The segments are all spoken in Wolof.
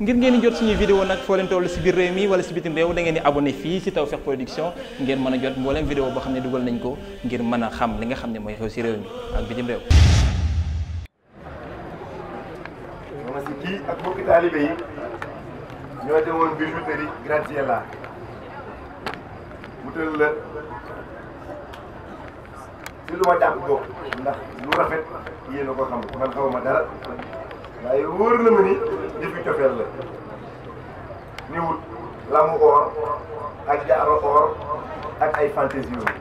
ngir ngeen jot suñu vidéo nag foo leen si biir réew mi wala si bitim réew da ngeen di abonné fii si Tawfekh Production ngeen mën a jot mbooleem vidéo boo xam ne dugal nañ ko ngir mën a xam li nga xam ne mooy xew si réew mi ak bitim réew ma si kii ak bokki taalibe yi ñoo demoon bijouterie Graziella la si lu ma jàpp ndax lu rafet yéen ko xam man xawma dara waaye wóor na ma ni jëfi cofeel la ni wut lamu or ak jaaro or ak ay fantaisie yooyu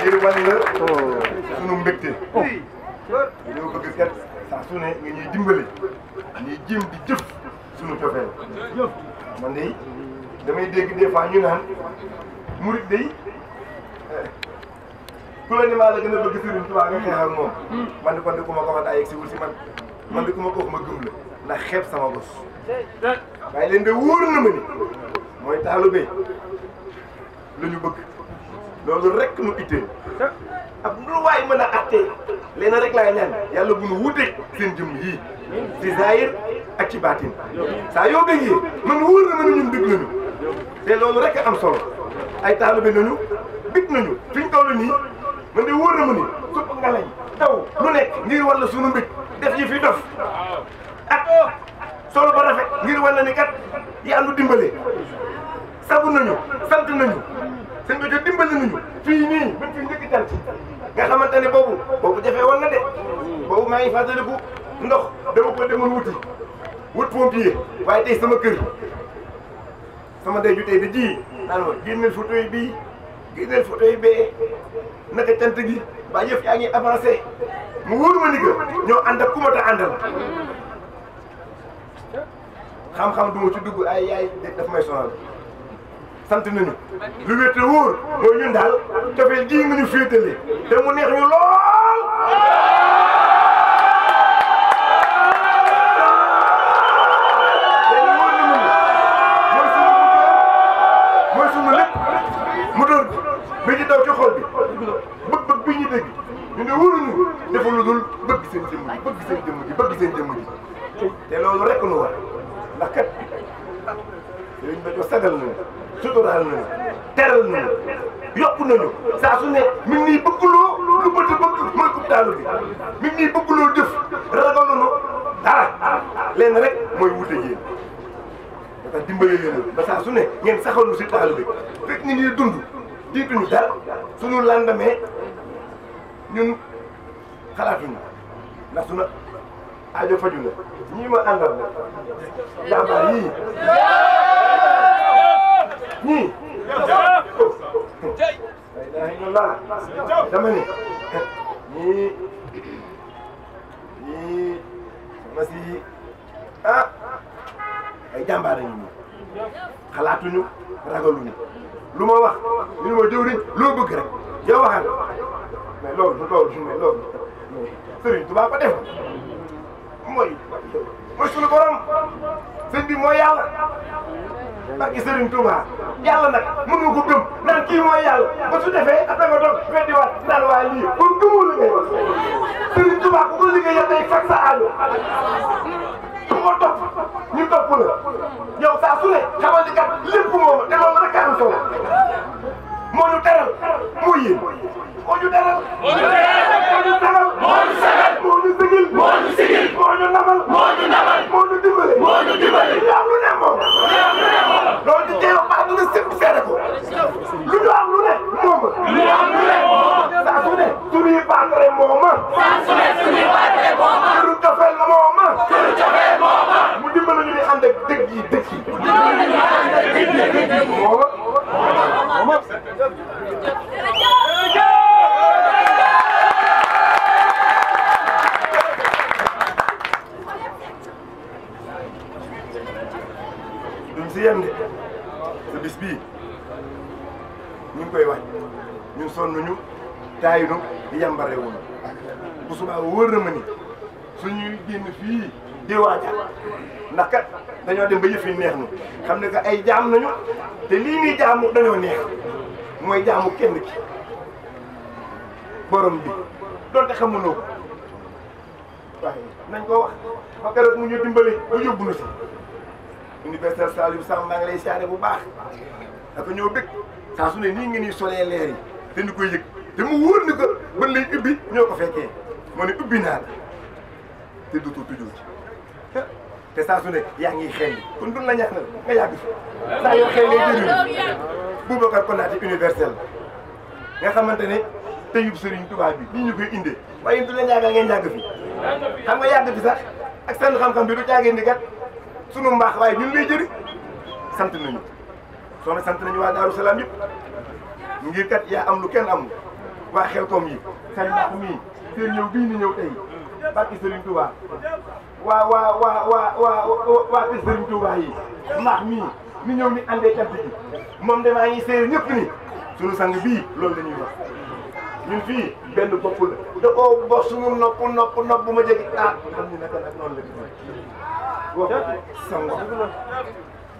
ngir wan la sunu mbégte ñoo bëgg kat saa su ne nga ñuy dimbali ñuy jéem di jëf sunu cofeel man de damay dégg a fois ñu naan murit day eh, ku la ne maa la gën a bëgg Sëriñ Tuubaa nga xeex ak moom. Mm. man de kon de ku ko wax daa si wul si man. man de ku ma ko wax ma la ndax xeeb sama bos. waaye leen de wóor na ma ni mooy taalube la ñu bëgg loolu rek nu itteel ab lu waay mën a attee leen rek laa ñaan yàlla bu nu wuteeg seen jëm yii di zaayir ak ci baatin saa yoo bëggee man wóor na ma ne ñun bëgg nañu te loolu rek am solo ay taalibe nañu bëgg nañu fi ñu toll nii man de wóor na ma ni supp nga lay daw lu nekk ngir walla sunu mbëgg def yi fi dof ak solo ba rafet ngir walla ni kat yàlla dimbale sabu nañu sant nañu sëñ bi te dimbali nañu fii nii ba fi njëkk jant nga xamante ne boobu boobu jafee woon na de boobu maa ngi fàttaliku ndox dama ko wut pompier waaye tey sama kër sama day ju tey da ji alors génneel photo yi bii génneel photo yi bee naka cant gi waaye yëf yaa ngi avancé mu wóor ma ni que ñoo ànd ak ku ma ta àndal xam-xam du ma ci dugg ay yaay daf may sonal sant nañu lu wér te wóor mooy ñun daal cofeel ji nga ñu féetale te mu neex ñu lool. wóoruñu deful lu dul bëgg seen jëmm ji bëgg seen jëmm ji bëgg seen jëmm ji te loolu rek lu war ndax kat sëriñ Béthio sagal nañu suturaal nañu teral nañu yokk nañu saa su ne mi ngi nii bëgguloo lu bët bëgg mooy kubtaalu bi mi ngi nii bëgguloo jëf ragal nañu dara lenn rek mooy wute yéen da dimbale leen saa su ne ngeen saxalu si taal bi fekk ni ñuy dund jiituñu dara suñu lendemain ñun xalaatuñu ndax suna aajo faju na ñii ma àndal la jàmbaar yii ñii ni ñii ñii ma si ah ay jàmbaar lañu ba def mooy mooy sunu borom sëñ bi mooy yàlla barke Sëriñ Tuuba yàlla nag mënu ko gëm naan kii mooy yàlla ba su defee ak danga doog weddi waat naan waaye lii kon gëmul li ngay wax Sëriñ Tuuba ku ko liggéeyal day faj sa aajo ku ko topp ñu topp la yow saa su ne xamal ni kat lépp moom te loolu rek a am solo moo ñu teral moo yéen moo ñu teral moo ñu teral moo ñu teral sigil moo ñu sigil moo ñu namal moo ñu namal moo ñu dimbali moo ñu dimbali lu am lu ne moom loolu di teew ba am na sëpp seere ko lu ñu am lu ne moom lu am lu ne moom saa su ne suñuy baatare mooma saa su ne suñuy baatare mooma këru cofeel mooma këru cofeel mooma mu dimbali ñu di ànd ak dëgg yi dëgg yi mooma mooma si yéen de sa bis bii ñu koy waaj ñun sonnuñu taayuñu di yàmbare wuñu bu subaa wóor na ma ni suñuy fii di waaja ndax kat dañoo dem ba yëf yi neex nu xam ne que ay jaam nañu te lii nii jaamu dañoo neex mooy jaamu kenn ki borom bi donte xamunoo ko waaye nañ ko wax ba keroog mu ñu dimbali ba yóbbu na si universitaire Saliou Samb maa ngi lay siyaare bu baax dafa ñëw bëgg saa su ne nii ngeen di solee leer yi te ñu koy te mu wóor ni ko bën lay ñoo ko fekkee moo ne ubbi naa la te dootoo tëjoo te saa su ne yaa ngi xel kon duñ la ñaanal nga yàgg fi saa yoo xel ngay jëriñu Boubacar Konaté universel nga xamante ni teyub Serigne Touba bi nii ñu koy indee waaye la ñaagal ngeen yàgg fi xam nga yàgg fi sax ak seen xam-xam bi du jaagee ni kat sunu mbaax waaye ñun lay jëriñ sant nañu soxna sant nañu waa Daaru Salaam yëpp ngir kat yaa am lu kenn amul waa Xelkom yi seen mii seen ñëw bii ñu ñëw tey barki Serigne Touba waa yi mbaax mii ñu ñëw ñu àndee cant gi moom damaa ngi seere ñëpp ni sunu sang bii loolu la ñuy wax ñun fii benn bopp la da koo bokk sunu nopp nopp nopp bu ma jege ah xam ni la wax sango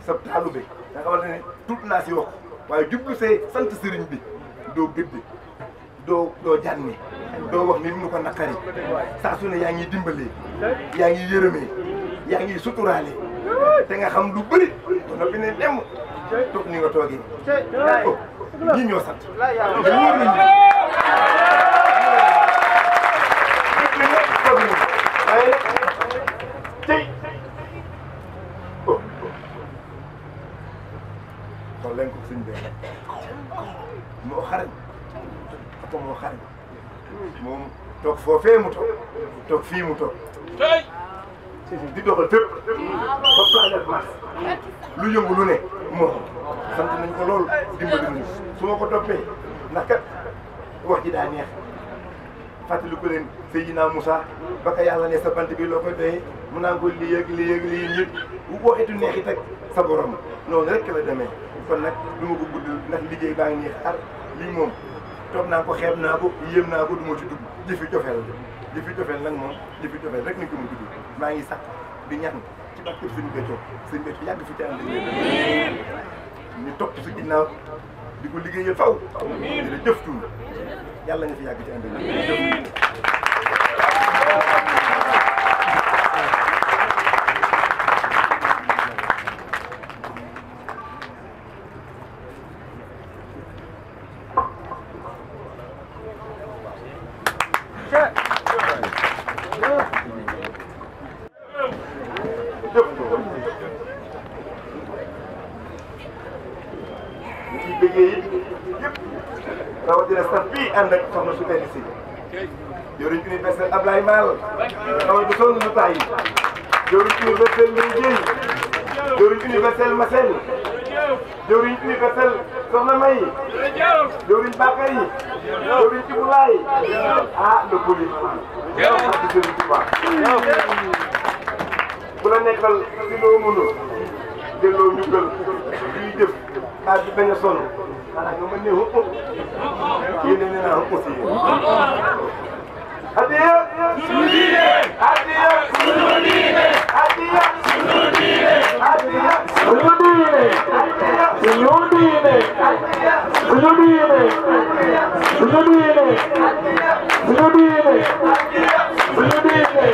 sa taalube da nga war ne tuut naa si wax waaye jublu see sant sëriñ bi doo gëddi doo doo jànni doo wax ni mu ko naqari saa su ne yaa ngi dimbalee yaa ngi yërëmee yaa ngi suturaale te xam lu bëri ba noppi ne dem toog ni nga toogee ñi ñoo sant wóor nañu toog foofee mu toog toog fii mu toog di doxal fépp ba lu yëngu lu ne moom sant nañ ko loolu dimbali nañu su ma ko toppee ndax kat wax ji daa neex fàttali ko leen Seydina Moussa ba ka yàlla ne sa bant bi loo koy doyee mu naan ko lii yëg lii yëg lii yëg bu waxetu neex it ak sa borom noonu rek la demee kon nag du ma ko gudd ndax liggéey baa li moom toog naa ko xeeb naa ko yéem naa ko du ma ci dugg jëfi cofeel la jëfi cofeel nag moom jëfi cofeel rek ni ko mu dugg maa ngi sax di ñax ci barke sëñ Béthio sëñ Béthio yàgg fi ci ànd ñu topp si ginnaaw di ko liggéeyee faw di la jëf tuur yàlla nga fi yàgg ci ànd jëf rawatina sax fii ànd ak soxna su tedd si jëriñ universel Ablaye Mal xamal bu sonn lu taay jëriñ universel Ndeye Dièye jëriñ universel Masel May jëriñ Bakary jëriñ Ibulaay ah le poli ak jëriñ Touba bu la nekkal si loo mënul jëloo ñu gël luy jëf a sonn Yang mana hukum? Ini ni nak hukum sih. Hadir. Sunudine. Hadir. Sunudine. Hadir. Sunudine. Hadir. Sunudine. Sunudine. Sunudine. Sunudine. Sunudine. Sunudine. Sunudine.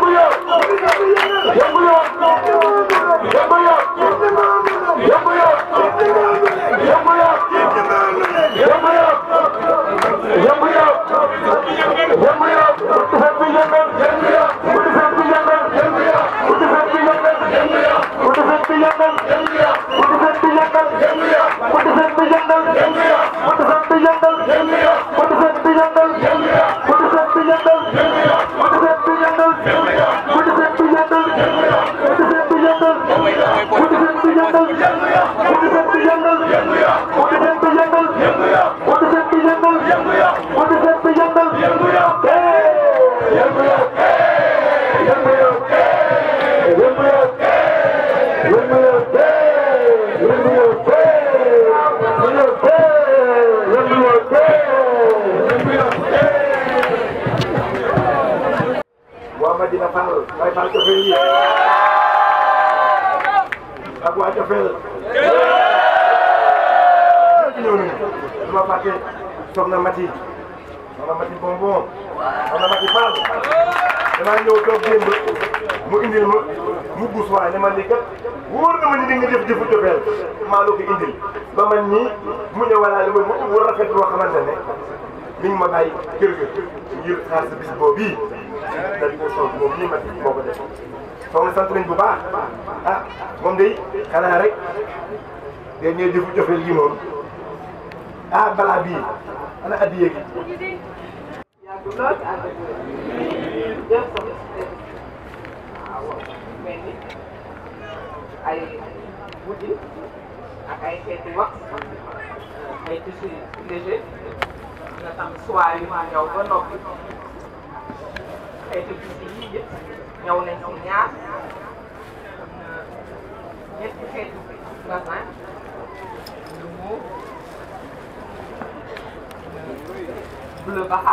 ak waa Jafeel yi ak waa Jafeel ñëpp ñëw nañu ma fàtte soxna Mati soxna Mati bonbon soxna Mati Fall damaa ñëw toog démb mu indil ma mu guus waaye ne ma lii kat wóor ma ni di nga jëf jëfu Jafeel maa la ko indil ba mu ne walaay ma war a rafet loo xamante ma bàyyi kër ga ngir xaar sa délégation bi moom nii ma moo ko def soxna sant nañ bu baax ah moom day xanaa rek day ñëw jëfu jofel gi moom ah balaa bii ana addiye ak ay xeetu wax ay techniques yi yëpp ñëw nañ ci ñaar am na ñetti xeetu basin lu mu bleu baxa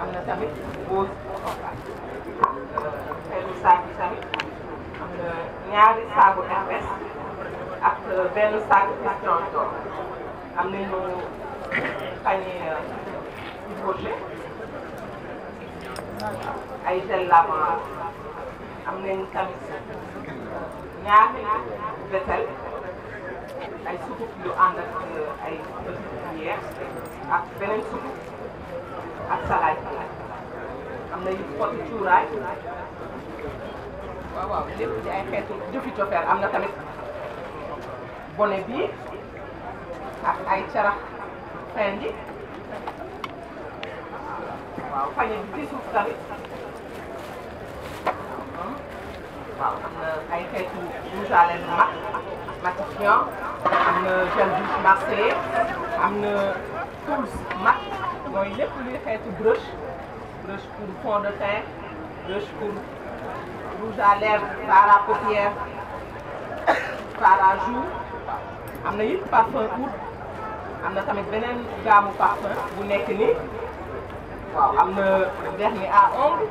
am na tamit rose xeetu saag bi tamit am na ñaari saagu RS ak benn saag citron d'or am nañu panier euh, projet ay sellama am nañ tamit ñaari vaisselle ay sukuk yu ànd ak ay yeex ak beneen sukuk ak salaay am na yu pot cuuraay waaw waaw lépp ci ay xeetu jëfi cofeer am na tamit bone bii ay carax fin waaw pañe ci suuf tamit waaw am na ay xeetu rouge à lèvres mat matifiant am na gel douche marseillais am na tools mat mooy lépp luy xeetu brush brush pour fond de teint brush pour rouge à lèvres fard à paupières fard à joues am na yit parfum oud am na tamit beneen gaamu parfum bu nekk ni waaw am na vernis à ah, ongles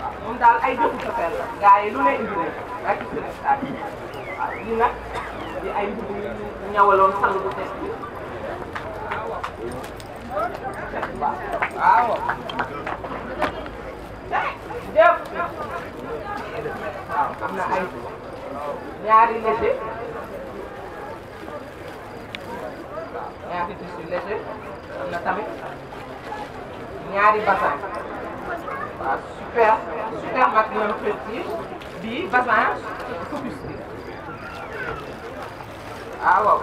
waaw moom daal ay jëfu safel la gars yi lu ne indi nañ rek ci seen stade waaw lii nag di ay mbubb yu ñawaloon sang bu teg bi waaw jëf na ay ñaari léger ñaari bassin waaw super super maximum petit bii bassin focus bi waaw ah, waaw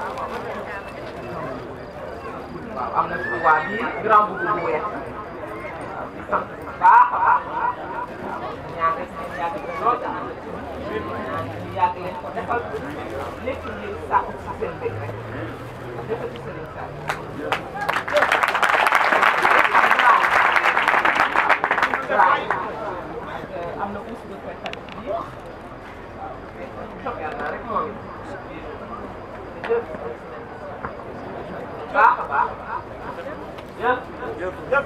waaw am na suñu waa bii grand boubou bu weex waaw ah, di sant bu baax a ah, baax ñaan rek ñu yàgg lool ñu yàgg leen ko defal lépp ñuy sàkku ci seen bëgg rek defal ci seen am na us bu koy tamit bi yàlla rek moom baax a baax jëf jëf